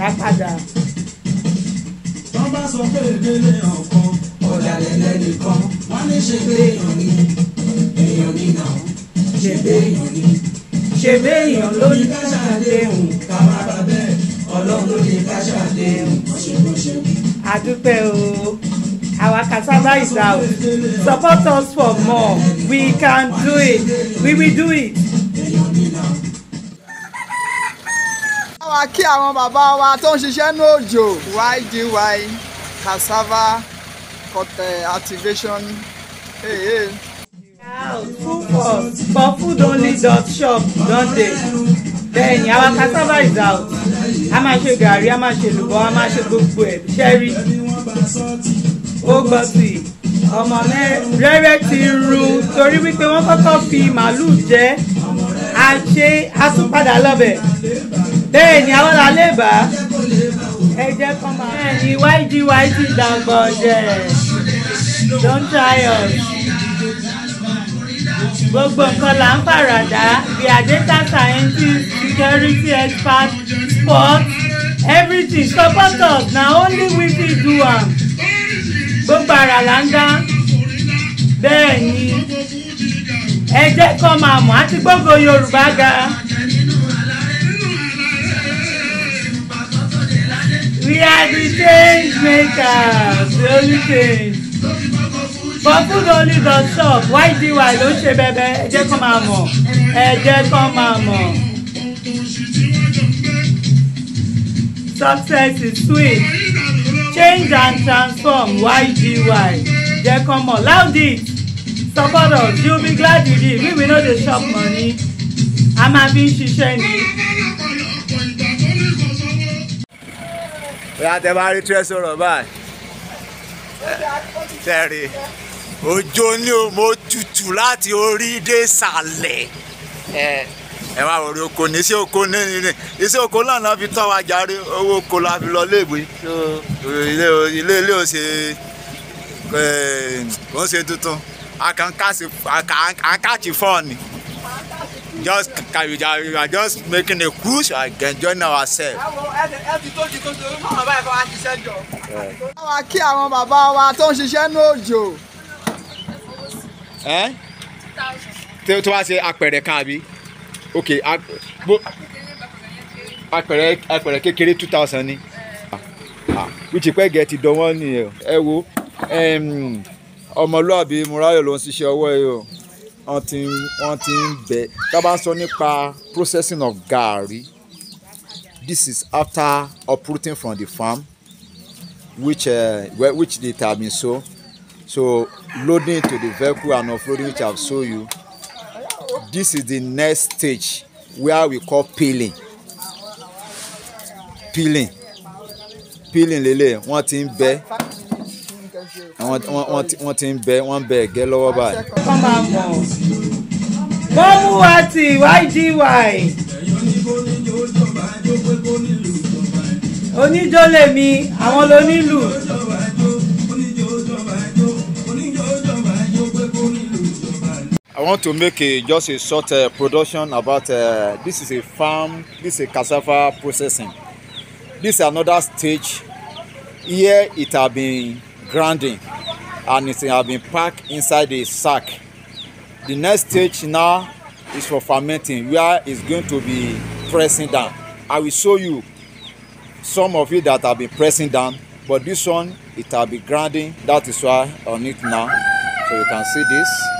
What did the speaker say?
dá padà. wọ́n bá sọ pé ìdílé ọ̀kan ọ̀dàlẹ̀ lẹ́nìkan wọ́n ní ṣe èèyàn ni èèyàn ni nà ṣe èèyàn ni. ṣe èèyàn ló ní ká ṣàdéhùn ká má bà bẹ́ẹ̀ ọlọ́run ló ní ká ṣàdéhùn ọ̀ṣẹ̀kọ̀ṣẹ̀. àdúpẹ́ o. Our cassava is out. Support us for more. We can do it. We will do it. máa kí àwọn bàbá wa tó ń ṣiṣẹ́ ní òjò YGY cassava cotton activation. Hey, hey. Wow, food for but food only dot shop don dey. Bẹ́ẹ̀ni, our cassava is out. A máa ṣe gàrí, a máa ṣe lùbọ́, a máa ṣe gbogbo ẹ̀ ṣẹ́rí. Ó gbọ́ sí i. Ọmọ rẹ́rẹ́ ti run torí wípé wọ́n kọ́kọ́ fi màálù jẹ. A ṣe a lọ́bẹ̀ bẹ́ẹ̀ ni àwọn alẹ́ bá ẹ jẹ́ kọ́ máa bẹ́ẹ̀ ni wáìdí wáìdí dàgbọ̀dẹ̀ don try us gbogbo nǹkan là ń fàràdà we are data scientists security experts sports everything support us na only we fit do am gbogbo ara là ń dá bẹ́ẹ̀ ni ẹ jẹ́ kọ́ máa mọ̀ àti gbogbo Yorùbá ga. We are the change makers, the only change. But food only don stop. Why di wa ló ṣe bẹ́bẹ́? Ẹ jẹ́ kán máa mọ̀. Ẹ jẹ́ kán máa mọ̀. Success is sweet. Change and transform. Why di wa? Jẹ́ kán mọ̀. Loud it. Support us. You be glad you did. We will not dey chop money. A máa fi ń ṣiṣẹ́ ni. bóyá tẹ bá rí tírẹ́sì ọ̀rọ̀ báyìí tẹ̀rí òjò ni o mo tutù láti orí dé sàlẹ̀ ẹ wá wọ̀rẹ́ oko ní iṣẹ́ oko ní ní iṣẹ́ oko náà náà fi tọ́ wa jàre owó oko la fi lọ léèwé ilé ilé ò ṣe kò ń ṣe tuntun àkàǹkàṣì fọ́ọ̀nì just carry you are just making a push. cruise and enjoying ourselves. àwa kí àwọn bàbá wa tó ń ṣiṣẹ́ ní òjò. tí tó wá ṣe apẹ̀rẹ̀ kan àbí ok apẹ̀rẹ̀ apẹ̀rẹ̀ kékeré two thousand ni wíjì pẹ́ gẹ̀ẹ́ ti dán wọ́n nìyẹn ẹ wo ọmọlúàbí murayọ ló ń ṣiṣẹ́ ọwọ́ yìí o wọ́n ti ń wọ́n ti ń bẹ̀ tá sọ nípa processing of garri this is after uprooting from the farm which uh, which they have been so. so loading to the vehicle and offloading which I have shown you this is the next stage where we call peeling peeling peeling lele wọ́n ti ń bẹ̀ wọ́n ti ń bẹ wọ́n bẹ ẹ̀gẹ́ lọ́wọ́ báyìí. wọ́n máa mọ̀ bọ́mú wa ydy. oníjó lèmi àwọn lónílù. I want to make a, just a short uh, production about uh, this is a farm, this is a cassava processing. This is another stage. Here it has been grinding and it have been packed inside the sack the next stage now is for fermenting where it's going to be pressing down i will show you some of it that have been pressing down but this one it have been grinding that is why on it now so you can see this